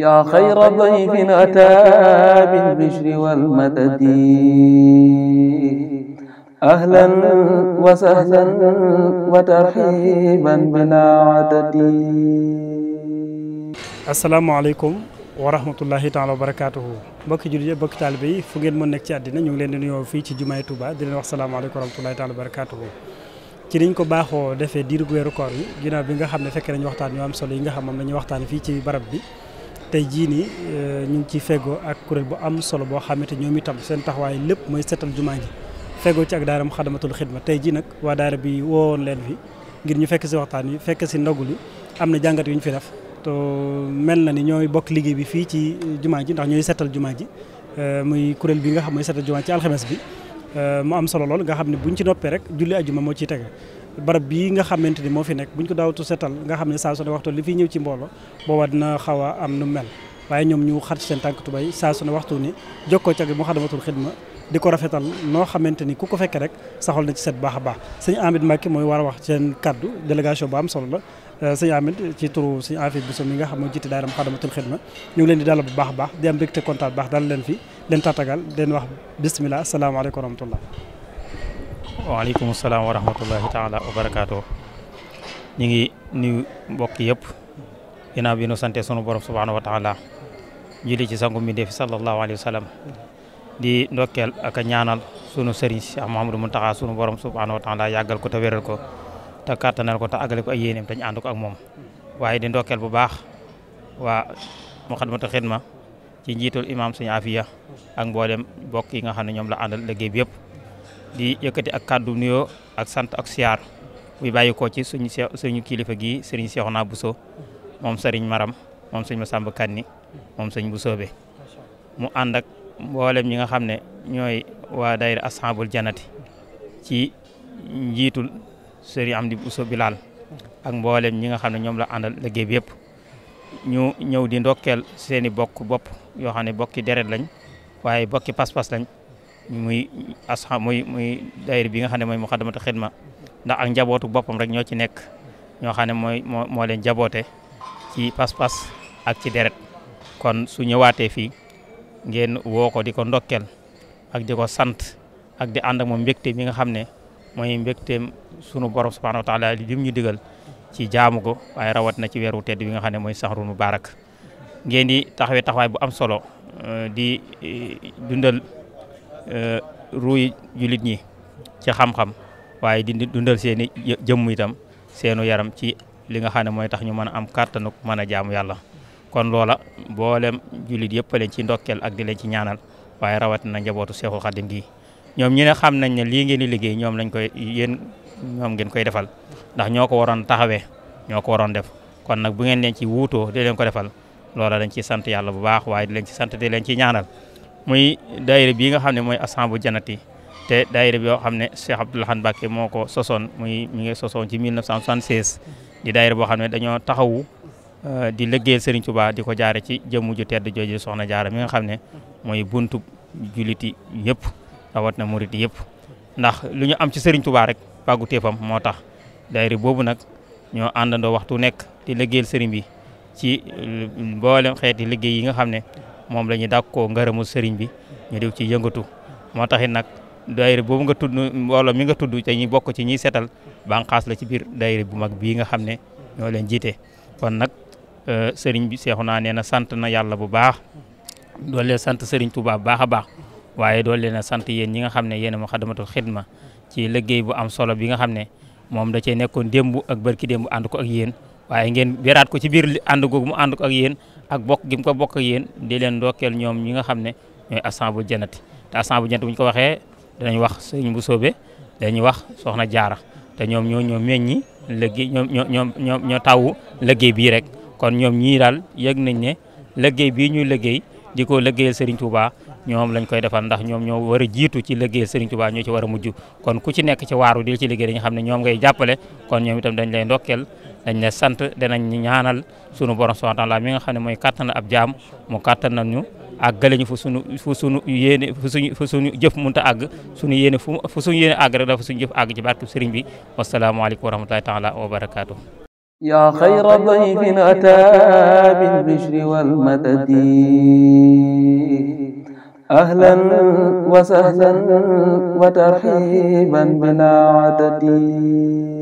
yaa xayra dayfin ataa bil bishri wal madadi ahlan wa sahlan wa tarxiiban bilaa adadi. asalaamaaleykum wa rahmatullahi taala wa barakaatuhu. mbokki jullit yi mbokki taalibe yi fu ngeen mën nekk ci àddina ñu ngi leen di nuyoo fii ci jumaay Touba di wax salaamaaleykum wa rahmatullahi taala wa barakaatuhu. ci niñ ko baaxoo defee diir weeru koor yi ginnaaw bi nga xam ne fekk nañu waxtaan yu am solo yi nga xam moom la ñuy waxtaanee fii ci barab bi. tey jii nii euh, ñu ngi ciy feggoo ak kuréel bu am solo boo xamante ñoom itam seen taxawaay lépp mooy setal jumaa ji feggoo ci ak daaram xadamatul xidma tey jii nag waa daara bi woon leen fi ngir ñu fekk si waxtaan wi fekk si ndogu li am na jàngat yu ñu fi def to mel na ni ñooy bokk liggéey bi fii ci euh, jumaa ji ndax ñooy setal jumaa ji euh, muy kuréel bi nga xam mooy setal jumaa ci alxames bi mu am solo lool nga xam ne buñ ci noppee rek julli ajuma moo ciy tege barab bii nga xamante ni moo fi nekk buñ ko daawatu setal nga xam ne saa su ne waxtu li fi ñëw ci mbooloo booba dina xaw a am nu mel waaye ñoom ñu xar seen tànk tubay saa su waxtu ni ko jokkoo ci ak Muxaddamatul Xidma di ko rafetal noo xamante ni ku ko fekkee rek saxol na ci seet baax a baax sëñ Amid Mbacke mooy war a wax seen kàddu délégation bu am solo la euh, sëñ Amid ci turu sëñ Afid Bousso mi nga xam moo jiite daayira Muxaddamatul Xidma ñu leen di bu baax a baax di am mbégte kontaan baax dal leen fi leen tàttagal leen wax bisimilah asalaamaaleykum wa rahmatullah waaleykum salaam wa rahmatullahi taala wa barakaatu ñu ngi nuyu mbokk yëpp ginnaaw bi nu sante sunu borom subhaanahu wa taala julli ci sangu mi def sallallahu alayhi wa sallam di ndokkeel ak a sunu sëriñ Cheikh Mouhamadou Mountakha sunu borom subhaanahu wa taala yàggal ko te wéral ko te kàttanal ko te àggale ko ay yéeneem te ñu ànd ak moom waaye di ndokkeel bu baax waa Moukhaddamatoul Khidma ci njiitul imaam suñu afiya ak mboolem mbokk yi nga xam ne ñoom la àndal liggéey bi yëpp di yëkkati ak kàddu nuyoo ak sant ak siyaar buy bàyyi ko ci suñu suñu kilifa gi sëriñ naa bu Bousso moom sëriñ Maram moom sëñ Massamba Kanni moom sëñ bu be mu ànd ak mboolem ñi nga xam ne ñooy waa daayira Ashabul Janati ci njiitul sëriñ Amdi Bousso Bilal ak mboolem ñi nga xam ne ñoom la àndal liggéey bi yëpp ñu ñëw di ndokkeel seeni bokk bopp yoo xam ne bokki deret lañ waaye bokki pas-pas lañ muy asxa muy muy daayira bi nga xam ne mooy Muxaddamatul Xidma ndax ak njabootu boppam rek ñoo ci nekk ñoo xam ne mooy moo moo leen njaboote ci pas-pas ak ci deret kon su ñëwaatee fii ngeen woo ko di ko ndokkeel ak di ko sant ak di ànd ak moom mbégte mi nga xam ne mooy mbégteem sunu borom subhaanahu wa taala li ñu digal ci jaamu ko waaye rawat na ci weeru tedd bi nga xam ne mooy saxru mubaarak ngeen di taxawee taxawaay bu am solo di eh, dundal Euh, ruuy jullit ñi ci xam-xam waaye di dundal seen i jëmm itam seenu yaram ci li nga xam ne mooy tax ñu mën a am kàttanu mën a jaamu yàlla kon loola boolem jullit yëpp leen ci ndokkeel ak di leen ci ñaanal waaye rawat na njabootu Seexul Xadim gi ñoom ñu ne xam nañ ne lii ngeen di liggéey ñoom lañ koy yéen ñoom ngeen koy defal ndax ñoo ko waron taxawee ñoo ko waroon def kon nag bu leen ci wuutoo di leen ko defal loola dañ ciy sant yàlla bu baax waaye di leen ci sant di leen ci ñaanal muy daayira bii nga xam ne mooy a Ashaabul Jannati te daayira bi yoo xam ne Cheikh Abdoul Ahad Mbacké moo ko sosoon muy mi ngi sosoon ci 1976 di daayira boo xam ne dañoo taxawu euh, di liggéeyal Serigne tubaa di ko jaare ci jëmm ju tedd jooju soxna jaara mi nga xam ne mooy buntu juliti yëpp rawat na murit yëpp ndax lu ñu am ci Serigne Touba rek pàggu téefam moo tax daayira boobu nag ñoo àndandoo waxtu nekk di liggéeyal Serigne bi ci euh, mboolem xeeti liggéey yi nga moom la ñuy dàkkoo ngërëmu sëriñ bi ñu diw ci yëngatu moo taxit nag daayira boobu nga tudd wala mi nga tudd te ñu bokk ci ñiy seetal banqaas la ci biir daayira bu mag bii nga xam ne ñoo leen jiite kon nag euh, sëriñ bi seexu naa nee na sant na yàlla bu baax dool leen sant sëriñ Touba bu baax a baax waaye dool leen a sant yéen ñi nga xam ne yéen a Moukhaddamatoul Khidma ci liggéey bu am solo bi nga xam ne moom da cee nekkoon démb ak barki démb ànd ko ak yéen waaye ngeen wéraat ko ci biir ànd googu mu ànd ko ak yéen ak bokk gi mu ko bokk ak yéen di leen ndokkeel ñoom ñi nga xam ne ñooy assemblée janati te assemblée janati bu ñu ko waxee danañ wax sëñ bu soobe te ñoom ñoo ñoo meññi liggéey ñoom ñoo ñoom ñoo ñoo taw liggéey bii rek kon ñoom ñii daal yëg nañ ne liggéey bii ñuy liggéey di ko liggéeyal Serigne Touba ñoom lañ koy defal ndax ñoom ñoo war a jiitu ci liggéeyal Serigne Touba ñoo ci war a mujj kon ku ci nekk ci waaru di ci liggéey dañu xam ne ñoom ngay jàppale kon ñoom itam dañ lay ndokkeel dañ ne sant danañ ñaanal sunu borom subhanahu wa taala xam ne mooy kàttan ab jaam mu kàttanal ñu àggale ñu fu sunu fu sunu yéene fu suñu fu suñu jëf mënta àgg sunu yéene fu fu jëf àgg ci barke bi wasalaamaaleykum wa rahmatullahi taala wa barakaatu yaa xayra dayfin ataa bil bishri